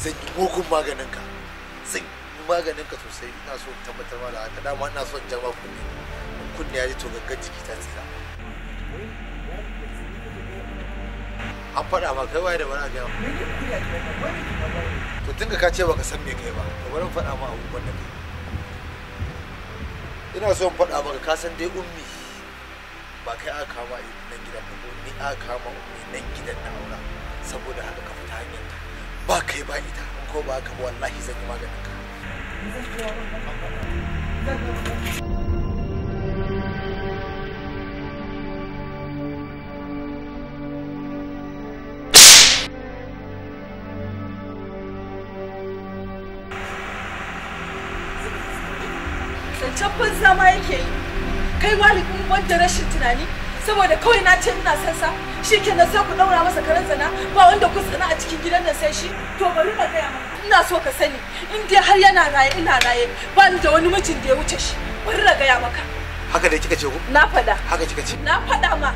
zan yi mugun maganin ka zan yi maganin ka sosai ina so tabbatar ma da haka dama ina son jama kunne kunne ya ji to gaggar jiki ta tsira an faɗa ma kai waye da bana gaya to tun ka ce baka san me kai ba to bari faɗa ma abubuwan da kai ina so in faɗa maka ka san dai ummi ba kai aka kama nan gidan ba ni aka kama ummi nan gidan na aura saboda haka ka ba kai ba ita ko ba ka wallahi zan yi maganin ka zancen zama yake yi kai wani kuma wanda rashin tunani saboda kawai na ce ina san sa na sai ku daura masa karen zana ba wanda ku tsana a cikin gidan nan sai shi to bari ka gaya maka ina so ka sani in dai har yana raye ina raye ba ni da wani mijin da ya wuce shi bari na gaya maka haka dai kika ce ku na faɗa haka kika ce na faɗa ma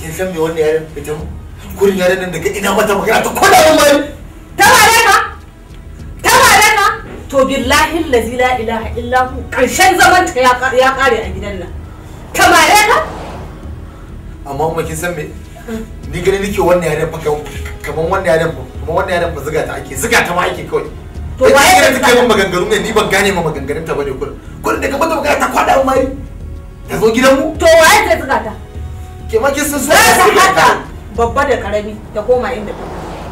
kin san me wannan yaren ita mu kurin yaren nan daga ina mata magana ta koda mun bari ta bare ka ta bare ka to billahi allazi la ilaha illa hu karshen zaman ta ya kare a gidan nan ta bare ka amma kuma kin san me ni gani nake wannan yaren fa kaman wannan yaren kuma wannan yaren ba zuga ta ake zuga ta ma ake kawai to waye ne take min maganganu ne ni ban gane ma maganganun ta bane kullum kullum daga mata magana ta kwada mai ta zo gidan mu to waye ta zuga ta ke ma kin san su haka babba da karami ta koma inda ta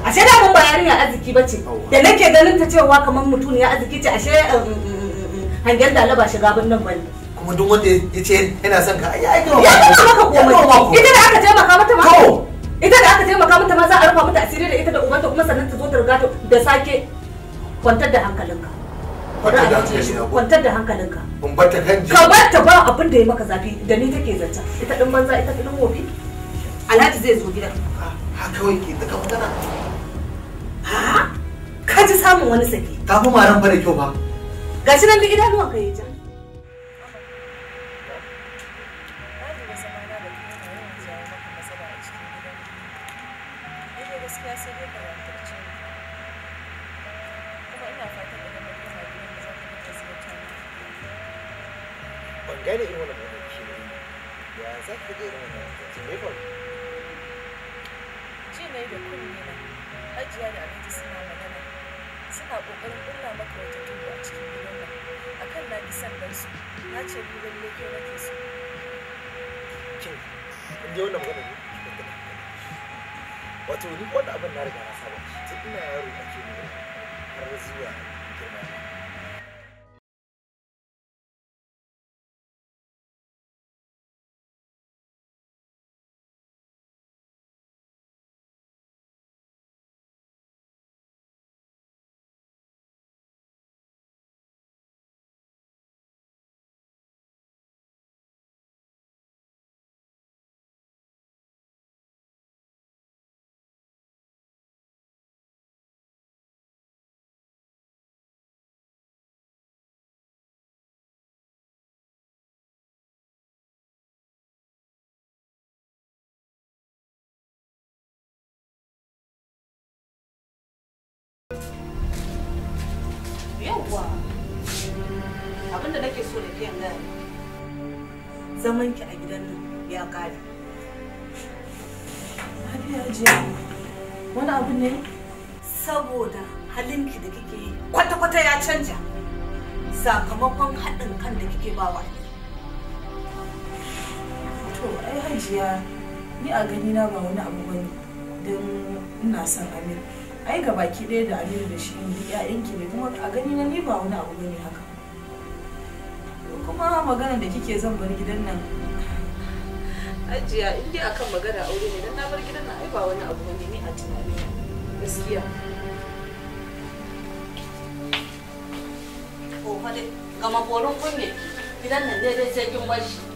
ashe da mun bayani ya arziki bace da nake ganin ta cewa kamar mutum ya arziki ce ashe um, um, um, hangen da laba shiga birnin bane kuma duk wanda ya ce yana son ka ya ka ya kuma maka komai ita da aka taimaka mata ma ita da aka taimaka mata ma za a rufa mata asiri da ita da ubanta kuma sannan ta zo ta riga da sake kwantar da hankalinka kwantar da hankalinka in batta ka ba abin da ya maka zafi da ni take zanta ita din banza ita din wofi alhaji zai zo gidan ha kawai ke daga magana ha ka ji samun wani saki ta fi maran fara kyau ba gashi nan da idanuwan ka yi ja kyau inda wannan magana ne wato ni abin na riga na saba tun ina yaro ake ne har zuwa zaman ki a gidan nan ya kare lafiya jiya wani abu ne saboda halinki da kike yi kwata-kwata ya canja sakamakon haɗin kan da kike ba wa to ai hajiya ni a gani na ba wani abu bane don ina son amin ai ga baki ɗaya da amin da shi ne 'ya'yanki ne kuma a gani na ni ba wani abu bane haka kuma magana da kike zan bar gidan nan ajiya in dai akan magana aure ne dan na bar gidan nan ai ba wani abu ne ni a tunani gaskiya ko fa dai ga maborin kunne gidan nan dai dai sai kin bar shi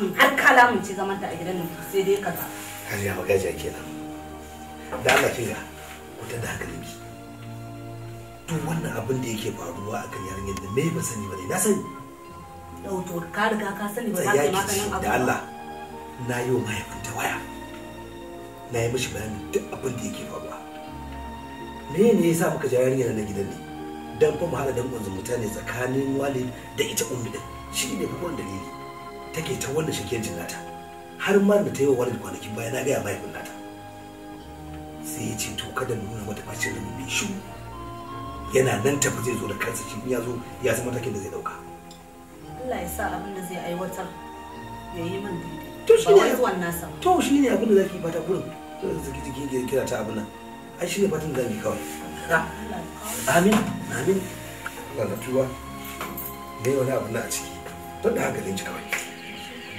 in har ka lamunce zaman ta a gidan nan sai dai kaza hajiya magajiya kenan da Allah kinga ku ta da hankalinki to wannan abin da yake faruwa a kan yarinyar da me ba sani ba ne na sani to ka riga ka sani ba za ka yi maganin abu da Allah na yi wa mahaifinta waya na yi mishi bayanin duk abin da yake faruwa me ne yasa muka ja yarinyar na gidan ne dan fa mu hada dan kwanzu mutane tsakanin walid da ita ummi din shi ne babban dalili take ta wannan shakiyancin nata har ma da ta yi wa walid kwanakin baya na gaya mahaifin nata sai ya ce to kada mu nuna mata bacin rabu mai shi yana nan tafi zai zo da kansa shi ya zo ya san matakin da zai dauka Allah ya sa abin da zai aiwatar ya yi min daidai to shi ne zuwan nasa to shi ne abin da zaki fata gurin zaki jiki kira ta abin nan ai shi ne fatan da zaki kawai amin amin Allah na tuwa ne wani abu na a ciki don da haka zai ci kawai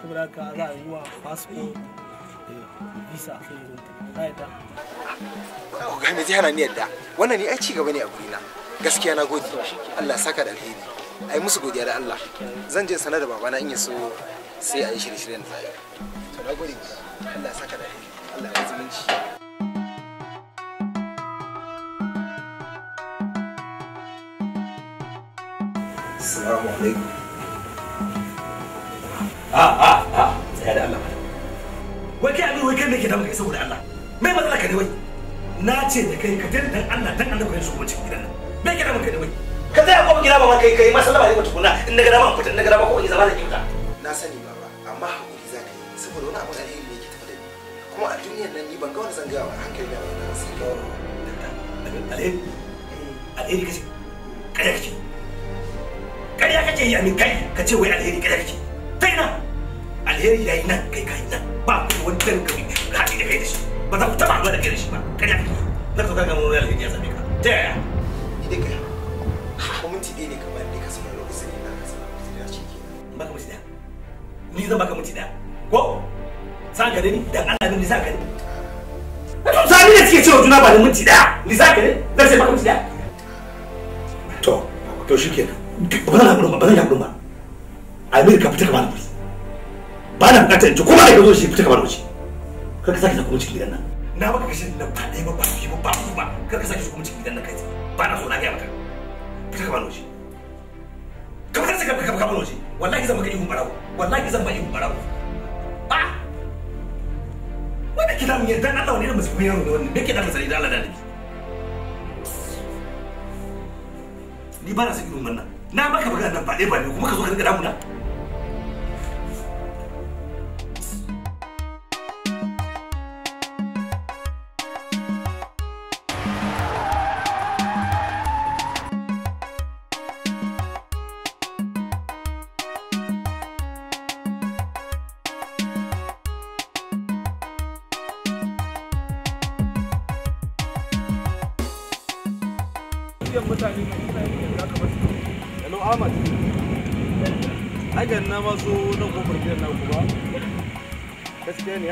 saboda haka za a yi wa fasfo visa sai yadda gane ji hana ni wannan ni ai ci gaba ne a gurina gaskiya na gode Allah saka da alheri ai musu godiya da Allah zan je sanar da babana in ya so sai a yi shirye-shiryen da to na gode Allah saka da alheri Allah ya zumunci Assalamu alaikum. a a a tsaya da Allah malam wai kai abin wai kai me ke damu kai saboda Allah mai matsala ka ne wai na ce da kai ka tare dan Allah dan Allah kai shugaban cikin gidan nan me ke damu kai da wai ka tsaya kofar gida ba ma kai kai masallama ne mutu kuna in na ga dama fita in na ga dama ko in zama na kimta na sani baba amma hakuri za ka yi saboda wani abu alheri ne ke tafi da ni kuma a duniyar nan ni ban ga wani zangaya ba hankali na ba sai ga wani alheri alheri kace kariya kake kariya kake yi amin kai ka ce wai alheri kariya kake daina alheri yayi nan kai kai nan ba ku wani kan ka haɗi da kai da shi ba za ku taba zuwa da kai da shi ba kada ka na ka ga mun alheri ya same ka ta yaya ni dai kai ko minti ɗaya ne kamar da ka sanar lokacin da ka sanar lokacin da shi kenan ba ka minti ɗaya ni zan baka minti ɗaya ko za ka ni dan Allah ni za ka ni to zani ne suke cewa juna ba da minti ɗaya ni za ka ni zan sai baka minti ɗaya to to shikenan ba zan haƙuri ba ba zan ba Amerika ka fita ka bani waje ba na bukatar ji kuma da ka zo shi fita ka bani waje kar ka sake zaka kuma cikin gidan nan na baka kashin nan ba dai ba ba ba ba ba kar ka sake zaka kuma cikin gidan nan kai ba na so na ga maka fita ka bani waje ka fita ka ka bani waje wallahi zan maka ihun barawo wallahi zan ba ihun barawo a ah! wanda kina mun yarda Allah wani da musulmi yaro ne wannan me ke da masani da Allah da ni? ni ba na san irin wannan na maka magana nan ba dai ba ne kuma ka zo ka riga na.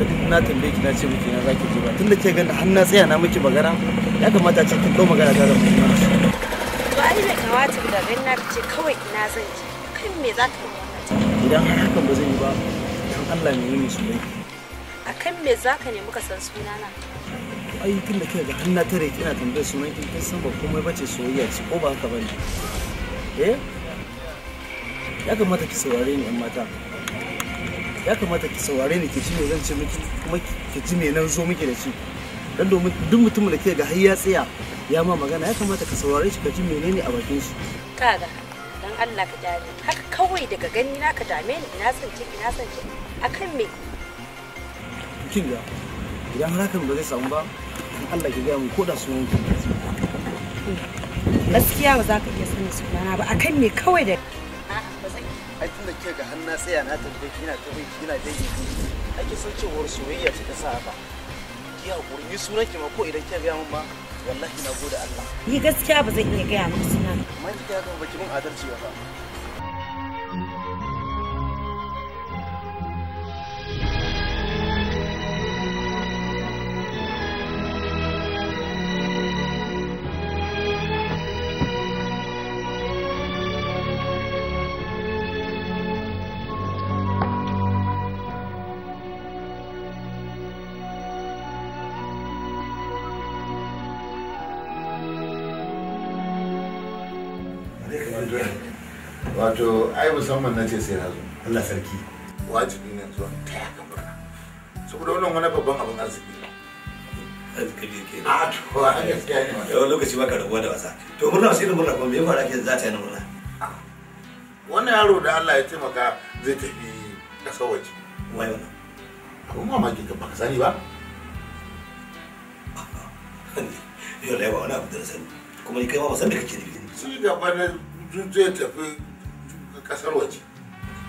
da duk na tambaye ki na ce miki na zaki ji ba tunda ke ganda har na tsaya na miki bagara ya kamata ce kin dau magana ta da mu to ai bai da ganin na ce kawai ina zan je kan me za ka idan har hakan ba zan yi ba dan Allah ne yi su a kan me za ka nemi ka san sunana ai tun da kai ga har na tare kina tambaye sunan mai kin san ba komai bace soyayya ce ko ba haka bane eh ya kamata ki saurare ni amma mata ya kamata ki saurare ni ke shine zan ce miki kuma ki ji me nan zo miki da shi dan domin duk mutumin da ke ga har ya tsaya ya ma magana ya kamata ka saurare shi ka ji menene a bakin shi kaga dan Allah ka dare haka kawai daga gani na ka dame ni na san ki na san ki akan me kin ga idan har hakan ba zai samu ba Allah ki ga mu ko da sunan ki gaskiya ba za ka iya sanin sunana ba akan me kawai da ai tun da kika ga har na tsaya na tambaye ki yana tambaye ki yana ake son cewar soyayya ce ta sa haka ki hakuri ni sunan ki ma ko idan kika gaya mun ma wallahi na gode Allah ni gaskiya ba zan iya gaya muku sunan amma kika ga baki mun adalci ba to ai musamman na ce sai na zo Allah sarki wajibi ne zuwa ta ya kamar saboda wannan wani babban abin arziki ne arziki ke a to a gaskiya ne da wani lokaci baka rabuwa da wasa to murna sai da murna kuma me ya fara ke za ta yi murna wannan yaro da Allah ya taimaka zai tafi kasar waje wai wannan abin mamaki ka baka sani ba yau da yawa wani abu da sani kuma kai ma ba san da kake nufi sun gaba na zai tafi kasar waje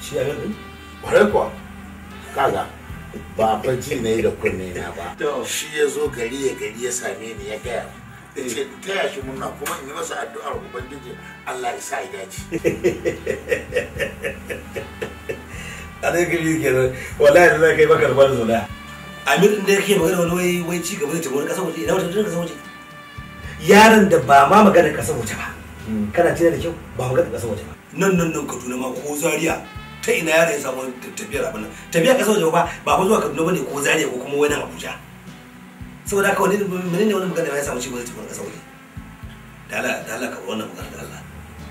shi a yanzu kwarai kuwa kaga ba fa ji ne da kunne na ba shi ya zo gari ya gari ya same ni ya gaya da ce ta yashi muna kuma in yi masa addu'ar ubangiji Allah ya sa ya dace a nan gari ke nan wallahi da zai kai maka da bani zola amir inda yake magana wani wai wai ci gaba da tabbata kasar waje ina wata tabbata kasar waje yaron da ba ma magana kasar waje ba hmm. kana tina da kyau ba magana kasar waje ba nan nan nan kaduna ma ko zaria ta ina yara ya samu tafiyar abin nan tafiya kasar waje ba ba ko zuwa kaduna bane ko zaria ko kuma wani abuja saboda haka wani menene wani magana ya samu shi wani tafiyar kasar waje da Allah da Allah ka wannan magana da Allah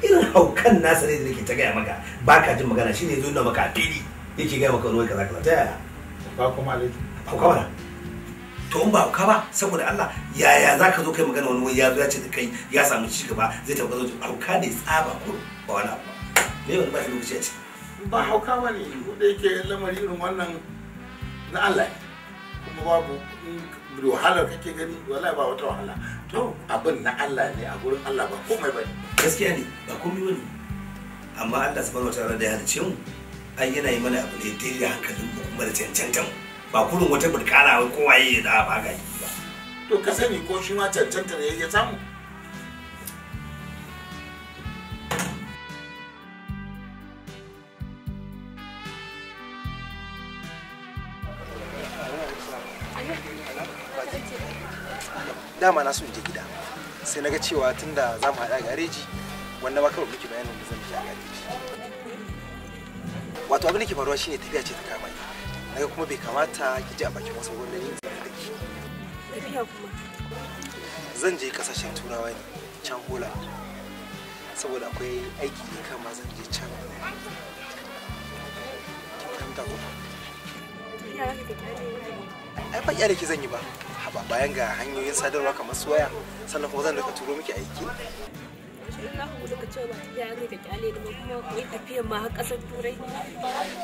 irin haukan nasa ne da nake ta gaya maka ba ka jin magana shine zo na maka fili yake gaya maka wani kaza kaza ta yaya ba kuma alaji hauka ba to in ba hauka ba saboda Allah yaya za ka zo kai magana wani wai ya zo ya ce da kai ya samu ci gaba zai tafi zo hauka ne tsaba ko ba wani abu me wani ba shi lokaci a ba hauka ba ne da yake lamari irin wannan na Allah kuma babu wahalar kake gani wallahi ba wata wahala to abin na Allah ne a gurin Allah ba komai ba gaskiya ne ba komai ba ne amma Allah subhanahu wataala da ya halice mu ai yana yi mana abu ne daidai hankalin mu kuma da cancantan ba kurin wata burkara kowa ya yi da ba ga yi ba to ka sani ko shi ma cancanta ne ya samu dama na so in je gida sai naga cewa tunda za mu haɗa gareji wanda ma muke bayanin da zan je a gareji wato abin da ke faruwa shine tafiya ce ta kama ni naga kuma bai kamata ki ji a bakin wasu wanda ni zan tafiya ki zan je kasashen turawa ne can hola saboda akwai aiki ne kama zan je can fahimta ko ai ba da ki zan yi ba haba bayan ga hanyoyin sadarwa kamar su waya sannan kuma zan daga turo miki aiki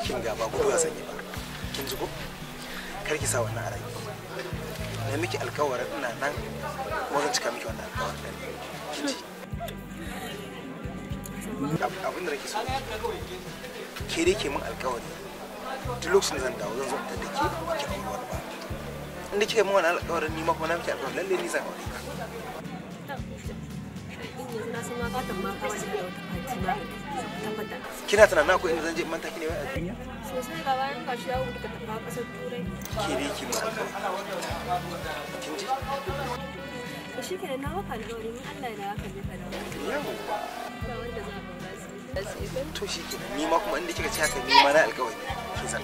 kin ga ba ba zan sanyi ba kin ji ko kar ki sa wannan a rayuwa na miki alkawarin ina nan kuma zan cika miki wannan alkawarin abin da rake so ke dai ke min alkawari duk lokacin zan dawo zan zo da ke ki aure ba inda kika yi wani alƙawarin ni na alƙawarin lalle ni zan aure ka kina tunanin akwai inda zan je manta wai a duniya sosai bayan kasar turai ke dai ma kin ji shi kenan na maka Allah ya ka ka yawo a to shi kenan ni ma kuma inda kika ce haka ni ma na alƙawari ki zan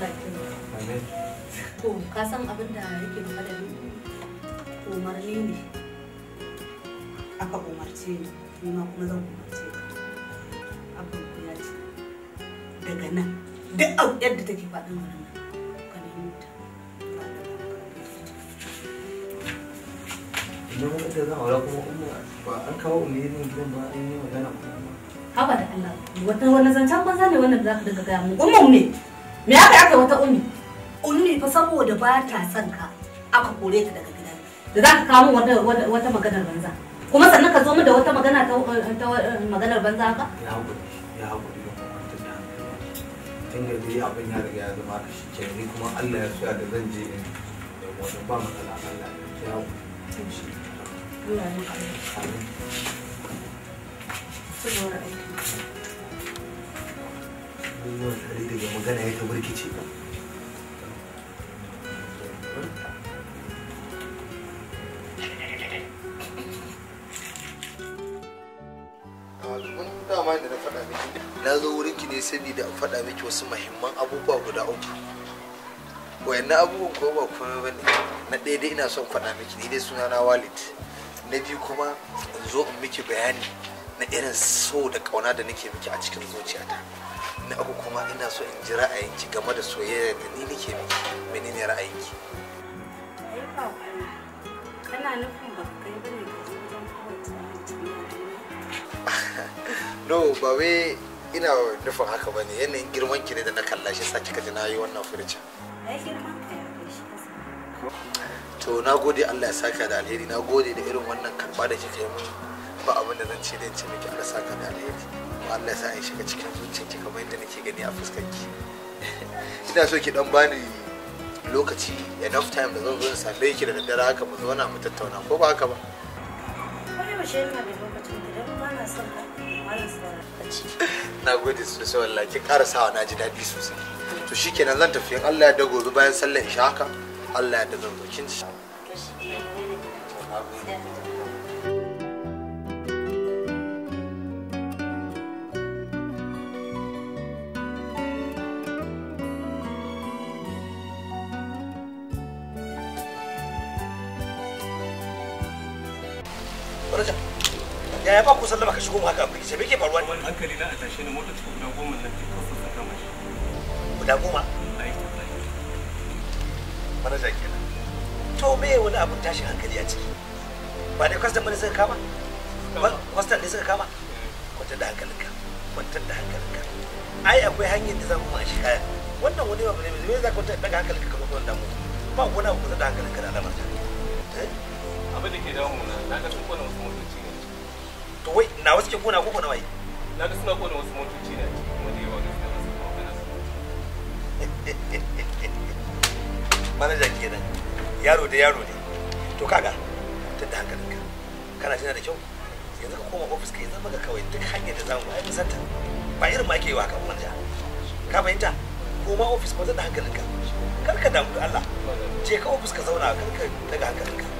to ka san abin da yake bukata umarni ne aka umarce ni nima kuma zan umarce ka abin ya ce daga nan duk abu yadda take faɗin wannan ka nemi ta idan wata zan aura kuma umma ba an kawo umirin gidan ba an yi magana kuma haba da Allah wata wani zancen banza ne wannan da za ka dinga gaya mu umma ne me aka yaka wata ummi ummi fa saboda ba ta son ka aka kore ta daga gidan da za ka kawo wata wata maganar banza kuma sannan ka zo min da wata magana ta maganar banza haka ya hakuri ya hakuri ba kwantar da tun da dai abin ya riga ya zama kashi shi ni kuma Allah ya so da zan je in wani ba matsala Allah ya hakuri Allah ya hakuri Thank you. na zo wurinki ne sani da faɗa miki wasu mahimman abubuwa guda uku wayannan abubuwan kuma ba kuma ba ne na ɗaya dai ina son faɗa miki ni dai suna na walid na biyu kuma in zo in miki bayani na irin so da ƙauna da nake miki a cikin zuciyata na uku kuma ina so in ji ra'ayinki game da soyayya da ni nake miki menene ra'ayinki kana nufin ba kai ba ne ka zo don kawai no ba wai ina nufin haka ba ne yanayin girman ki ne da na kalla shi sa kika na yi wannan furucin ai girman ka ya kai shi to na gode Allah ya saka da alheri na gode da irin wannan karba da kika yi mun ba abin da zan ce da ce miki Allah saka da alheri Allah sa in shiga cikin zuciyarki kamar yadda nake gani a fuskarki ina so ki dan bani lokaci enough time da zan zo same ki da daddare haka mu zauna mu tattauna ko ba haka ba wani ba shi yana da lokacin da ba na son na gode sosai wallahi ki ƙara sawa na ji daɗi sosai to shikenan zan tafi in Allah ya dago bayan sallar isha haka Allah ya dago zan zo kin ci daraja ba ku sallama ka shigo mu haka akwai sai me ke faruwa ne hankali na a motar cikin goma nan ke kawai kama shi guda goma kenan to me wani abun hankali a ciki ba dai kwastan suka kama kwastan ne suka kama eh. kwantar da hankalinka kwantar da hankalinka ai akwai hanyar da za mashi kaya wannan wani ba ne zai kwantar da hankalinka wannan ba wani abu da hankalinka da alamar ta eh? abin da ke damu na na ga sun kona wasu motoci ne to wai na wasu ke kona ko kona wai na ga suna kona wasu motoci ne kuma da yawa ga suna wasu kona su manaja kenan yaro da yaro ne to kaga ta da hankalinka kana jina da kyau yanzu ka koma ofis ka yi zama ga kawai duk hanyar da zamu ai musanta ba irin ma ke yi wa kan manja ka fahimta koma ofis ba zan da hankalinka kar ka damu da Allah je ka ofis ka zauna kar ka daga hankalinka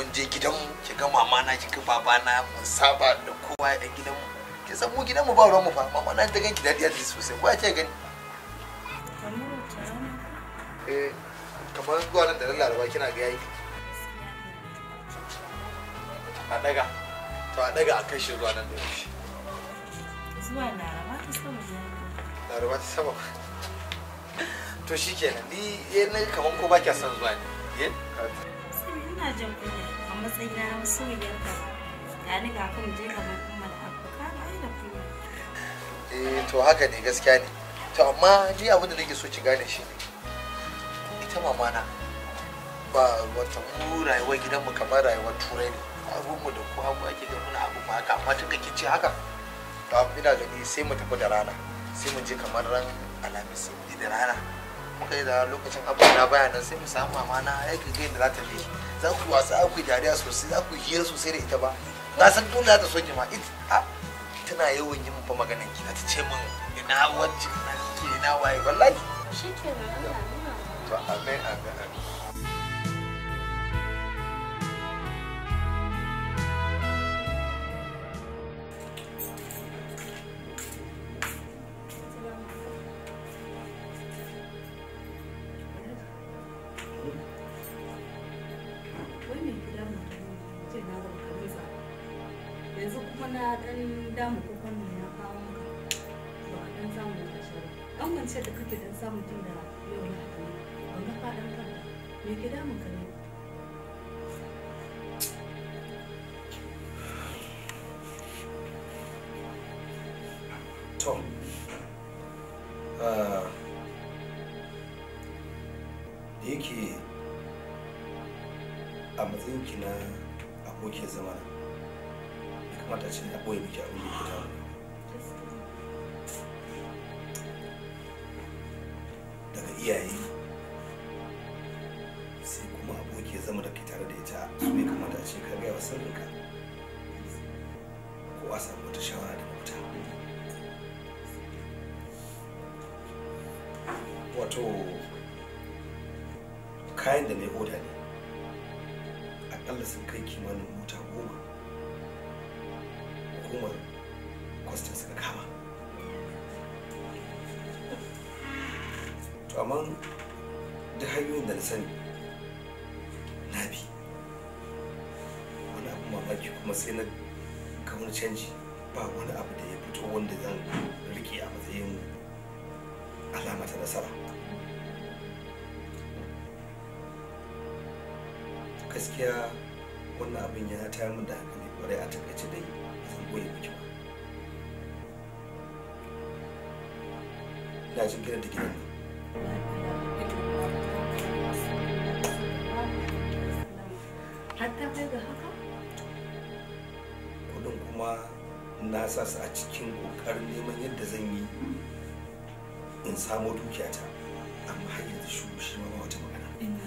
mun je gidanmu ki ga mama na ki ga baba na mun saba da kowa a gidanmu ki san mu gidanmu ba ruwan mu fa mama na ta dadi dadi eh, da kina ga yayi a daga to a daga a kai shi zuwa nan da yaushe zuwa laraba ta sama laraba ta sama to ni ye eh, na kaman ko ba kya son zuwa ne eh? ina jin matsayina na wasu ga ni ga kuma je kamar kuma eh to haka ne gaskiya ne to amma ni abin da nake so ki gane shi ne ita mama na ba wata mu rayuwar mu kamar rayuwar turai ne abinmu da ko hagu ake ganin abu ma haka amma tun kake ce haka to ina gani sai mu tafi da rana sai mu je kamar ran alhamis da rana muka yi da lokacin abu na baya nan sai mu samu mama na aiki da za ta je za ku wasa za dariya sosai za ku hira sosai da ita ba na san dole za ta so ki ma ita tana yawan yin fa maganar ki ta ce min ina wacce na ke na waye wallahi to amen amen na abokin zama ya kamata ce na ɓoye miki abin da ke daga iyaye sai kuma abokin zama da ke tare da ita su ya kamata ce ka gaya wa sirrinka ko a samu wata shawara da mafita wato kayan da na yi oda ne wanda sun kai kimanin mota goma hukumar kwastin suka kama to amma da hanyoyin da na sani na bi wani abu mamaki kuma sai na kamar canji ba wani abu da ya fito wanda zan rike a matsayin alama ta nasara gaskiya wannan abin ya tayar min da ne kwarai a takaice dai zan goye miki ba ina jin gidan da gidan ne kudin kuma na sa su a cikin kokarin neman yadda zan yi in samo dukiyata amma hanyar da shi ma wata magana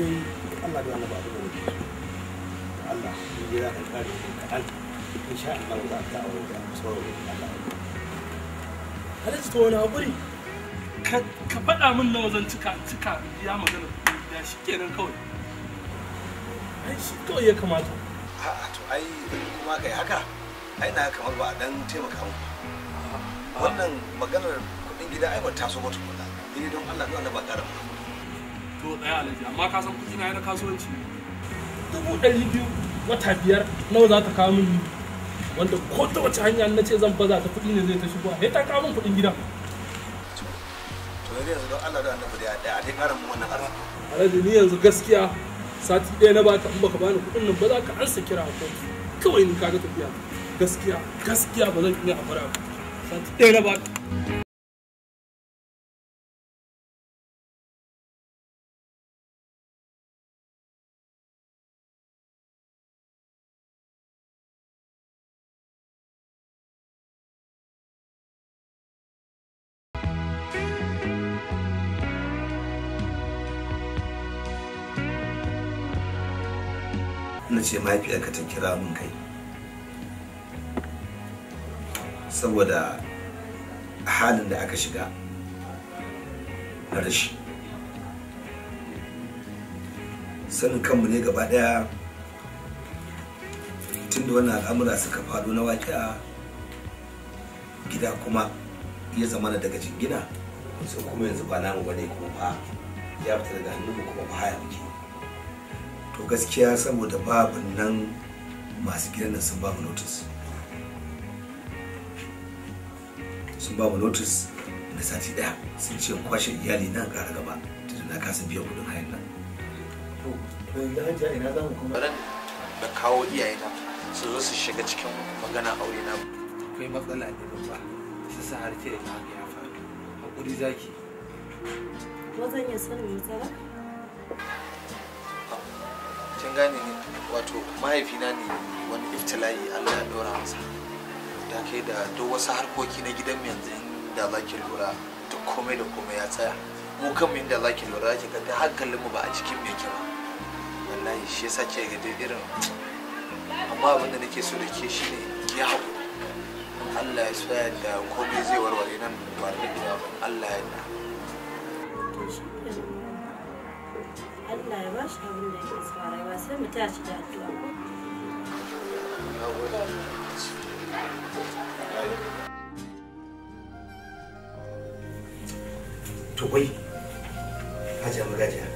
dai Allah da Allah abu da wuce Allah in ji za ka kare kaɗan in sha Allah za ka aure da sauran Allah halittu wani haƙuri ka faɗa min nawa zan cika cika ya magana ya shi kenan kawai ai shi kawai ya kamata a'a to ai kuma kai haka ai na kamar ba dan taimaka mu wannan maganar kuɗin gida ai ba taso ba ni don Allah don ba ƙara mu to tsaya alaji amma ka san kuɗi na yana kasuwanci dubu ɗari biyu wata biyar nawa za ta kawo min wanda ko ta wace hanya na ce zan baza ta kuɗi ne zai ta shigo sai ta kawo min kuɗin gida to ni yanzu gaskiya sati ɗaya na baka in baka bani kuɗin nan ba za ka ansa kira a kawai ni kaga tafiya gaskiya gaskiya ba zan iya a bara sati ɗaya na baka dole ce mahaifiyarka ta kira min kai saboda halin da aka shiga na rashi sanin kanmu ne gaba daya tun da wannan al'amura suka faɗo na waƙiya gida kuma ya zama daga jingina sai kuma yanzu ba namu bane kuma ba ya fita daga hannu kuma ba haya muke to gaskiya saboda babu nan masu gidan sun ba mu notice sun ba mu notice na sati daya sun ce kwashe iyali nan kara gaba tunda na kasa biyan kudin hayan nan to an hajiya ina za mu kuma da kawo iyayena su zo su shiga cikin magana aure na akwai matsala ne babba su sa har da ta ya faru hakuri zaki ko zan iya sanin ba kin gane ne wato mahaifina ne wani iftila'i allah ya ɗora masa da ke da duk wasu harkoki na gidan yanzu da za ki lura duk komai da komai ya tsaya mu kanmu inda za ki lura ki ga da hankalinmu ba a cikin mai ba wallahi shi yasa ke ga dai irin amma abinda nake so da ke shi ne ya haƙu allah ya tsaya yadda komai zai warware nan ba da Allah ya da. Allah ya ba abin da ya ke tsara rayuwa sai mu tashi da addu'a. To wai Hajiya Magajiya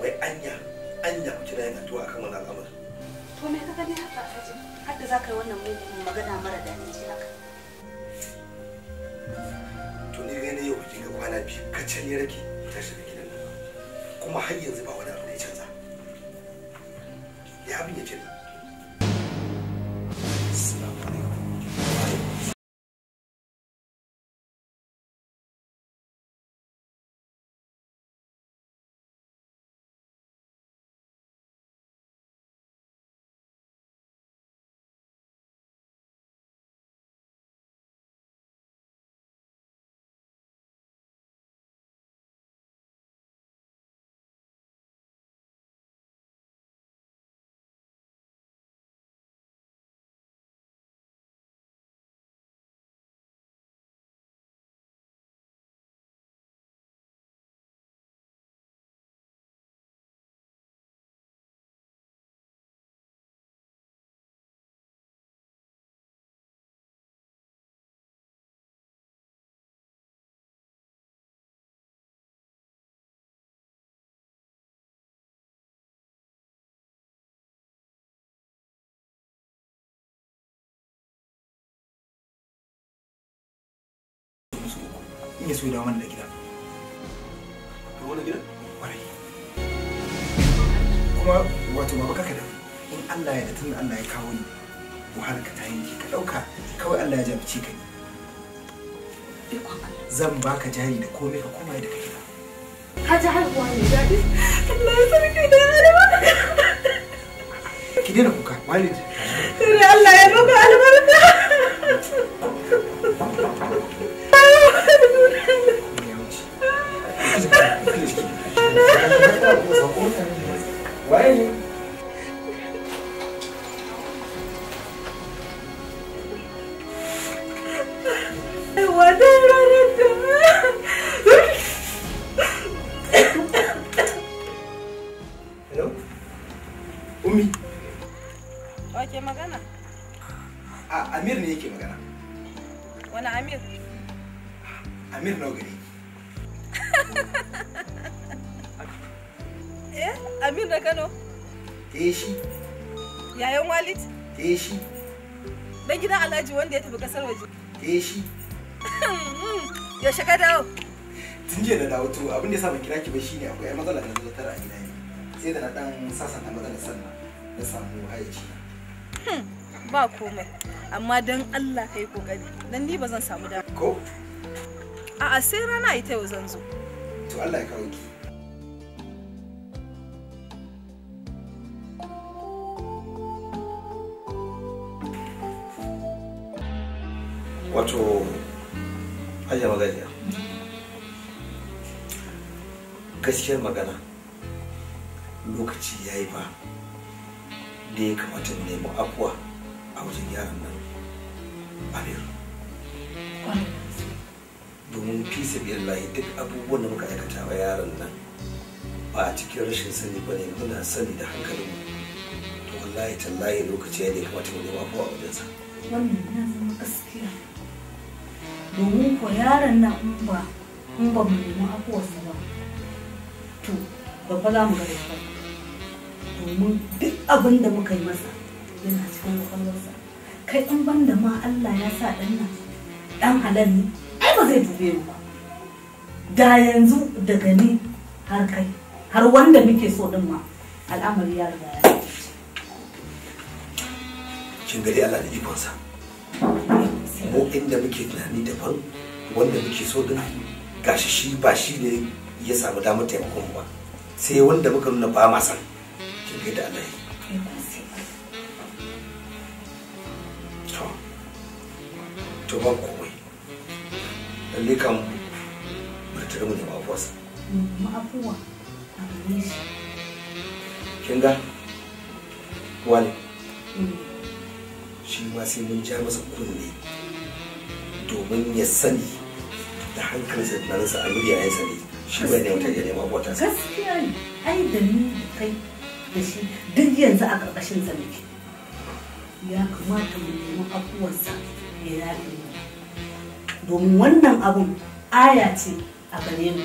wai anya anya ku kira yana tuwa akan wannan al'amari. To me ka gani haka Haji har da za ka yi wannan mugun magana mara daɗi ce haka. To ni gani yau kika kwana biyu kacal ya rage. 我还椅子吧。iya so da mana da gida To wani gida kwarai kuma wato baba kaka da in Allah ya da tun Allah ya kawo ni wahalar ka ta yanke ka dauka kawai Allah ya jabce ka ne zan baka jari da komai ka koma da gida ka ji kuwa ne dadi Allah ya sarki da ya ki dena kuka walid Allah ya baka albarka Why shi ne akwai matsalar da zo tara a gida ne sai da na dan sasanta matsalar sannan na samu aiki hmm, ba komai amma don Allah kai kokari dan ni ba zan samu da ko a a sai rana ita yau zan zo to Allah ya kawo ki wato ajiya magajiya gaskiyar magana lokaci ya yi ba da ya kamata mu nemi afuwa a wajen yaran nan a biyar domin fi sabiyar layi duk abubuwan da muka aikata wa yaran nan ba a cikin rashin sani ba ne muna sani da hankalinmu to wallahi tallahi lokaci ya ne kamata mu nemi afuwa a wajen wannan gaskiya domin ko yaran nan in ba in ba mu nemi afuwarsa to babba za mu ga shi domin duk abin da muka yi masa yana cikin kwallonsa kai in ban da ma Allah ya sa ɗan nan ɗan halal ne ai ba zai dube mu ba da yanzu daga ni har kai har wanda muke so din ma al'amari ya riga ya kin gari Allah da ikonsa mu inda muke tunani daban wanda muke so din gashi shi ba shi ne ya samu damar taimakon ba sai wanda muka nuna ba ma san kin kai da Allah to ba komai lalle kan burtare mu ne ma'afuwarsa kin ga wani eh. shi ma sai mun ja masa kunne domin ya sani da hankalinsa da tunaninsa a ya sani. shi bai ne wata ya nema wata gaskiya ne ai da ni da kai da shi duk yanzu a ƙarƙashin sa muke ya kamata mu nemi abuwansa ya yafi mu domin wannan abun aya ce a gare mu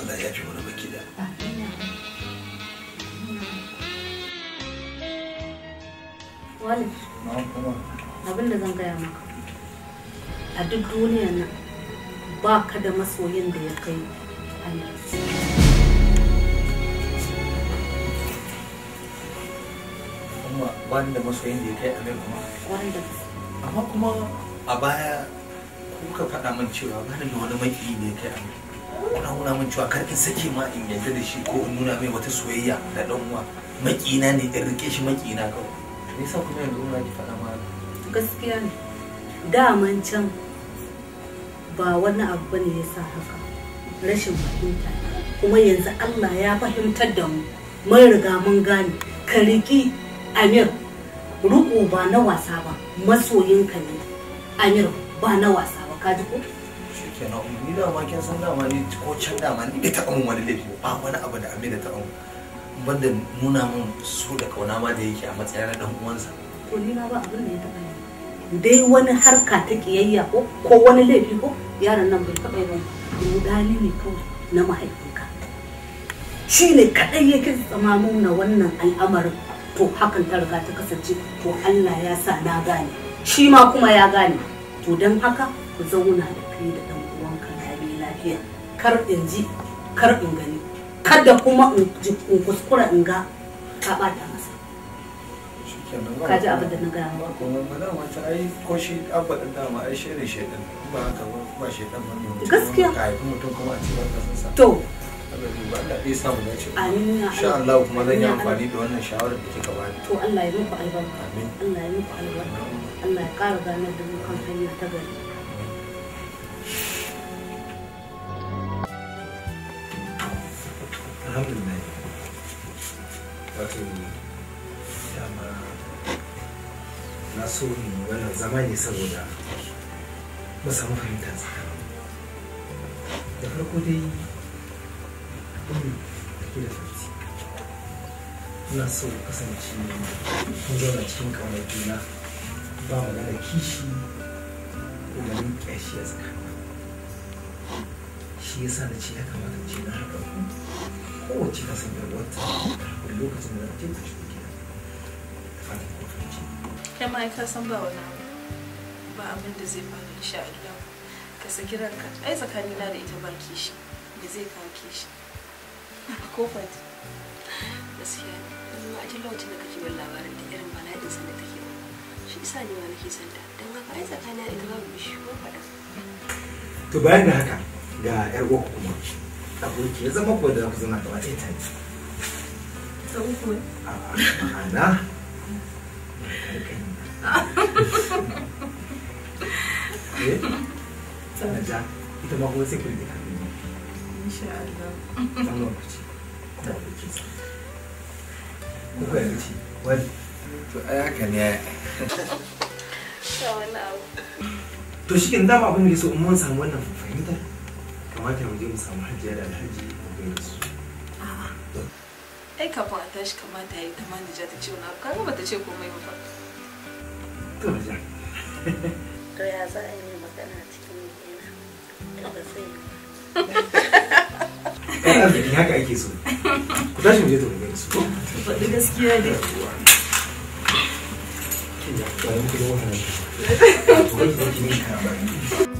Allah ya fi mana baki da. Wali, abin da zan gaya maka. a duk duniyan nan ba ka da masoyin da ya kai Kuma ba ni da masoyin da ya kai amir kuma wanda amma kuma a baya kuka faɗa min cewa ba ni da wani maki da ya kai amir kuna nuna min cewa kar in sake ma in yarda da shi ko in nuna mai wata soyayya da ɗan uwa makina ne in rike shi makina kawai me yasa kuma yanzu muna ki faɗa ma gaskiya ne Da can ba wani abu ba ne ya sa haka rashin fahimta kuma yanzu Allah ya fahimtar da mu mun riga mun gane ka riƙi amir riƙo ba na wasa ba ka ne amir ba na wasa ba ka ji ko kenan ni da ma kin san dama ni ko can dama ni bai ta mun wani laifi ba wani abu da Amina ta mun banda nuna mun so da kauna ma da yake a matsayin dan uwansa to ni ba abin da ya taɓa dai wani harka ta kiyayya ko wani laifi ko yaron nan bai taɓa yin dali ne kawai na mahaifinka shi ne kaɗai yake tsama na wannan al'amarin to hakan ta riga ta kasance to Allah ya sa na gane shi ma kuma ya gane to don haka ku zauna da kai da ɗan uwanka rabi lafiya kar in ji kar in gani kada kuma in kuskura in ga ka bata masa ka ji abin da na gaya ba ko ba da ma ta ai ko shi abba din da ma ai shaidan shaidan ba haka ba ba shaidan ba ne gaskiya ka mutum kuma a ci ba kasan sa to Allah ya sa mu dace amin insha Allah kuma zan yi amfani da wannan shawarar da kika bani to Allah ya muku albarka amin Allah ya muku albarka Allah ya ƙara ganar da mu kan hanya ta gari alhamdulillah wato na so ni wannan zama ne saboda ba samu fahimta tsakanin da farko dai ɗin take da farci ina so kasance mun zauna cikin ƙaunar juna ba da kishi ko mun ƙyashi a tsakanin shi yasa da ce ya kamata ce na haka kowace kasan yarwar ta lokacin da ta ke kuce gida da fatan kai ma ka san ba wani ba abin da zai faru insha Allah ka saki ranka ai tsakani na da ita ba kishi da zai kawo kishi ko ta gaskiya yanzu a cikin lokacin da kake wani labarin da irin bala'in san da take ba shi isa ne ma nake san ta dan haka ai tsakani da ita ba bishi ko faɗa to bayan da haka ga yar uwa kuma aboki ya zama kuwa da ku zama gaba ɗaya tare ta uku ne a'a ma'ana eh sanaja ita ma kuma sai insha Allah zan lokaci ta rike sa ku ga rike wani to ai haka ne to shi kin dama abin da so mun samu wannan fahimtar kamata mu je mu samu hajiya da alhaji mu ga su ai kafin a tashi kamata ya yi na bata ce to da za a yi magana cikin yana da sai ɗan haka ake so ku tashi mu je tafi gani su faɗi gaskiya dai